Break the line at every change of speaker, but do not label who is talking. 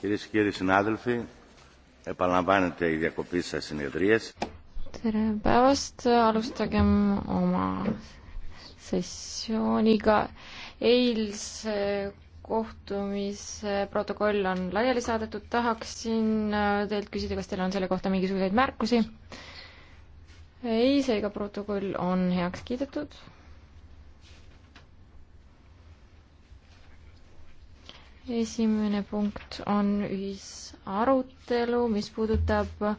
Κυρίες και κύριοι συνάδελφοι, επαναλαμβάνεται η διακοπή σας συνεδρίες.
Tere päevast, alustagem oma sessiooniga. Eilse kohtumise protokoll on laiali saadetud, tahaksin äh, teilt küsida, kas teil on selle kohta mingisuguseid märkusi? ei, seega protokoll on heaks kiidetud esimene punkt on ühisarutelu, mis puudutab